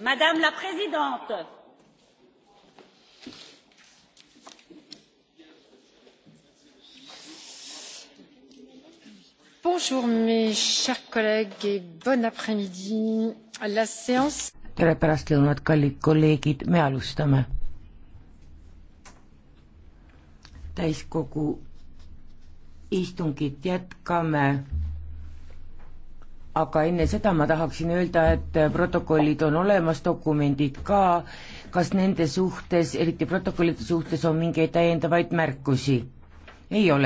madame la présidente mes chers collègues et bon après midi la séance tere pärastlõunat kallid kolleegid me alustame täiskogu istungit jätkame aga enne seda ma tahaksin öelda, et protokollid on olemas, dokumendid ka, kas nende suhtes, eriti protokollide suhtes, on mingeid täiendavaid märkusi? ei ole.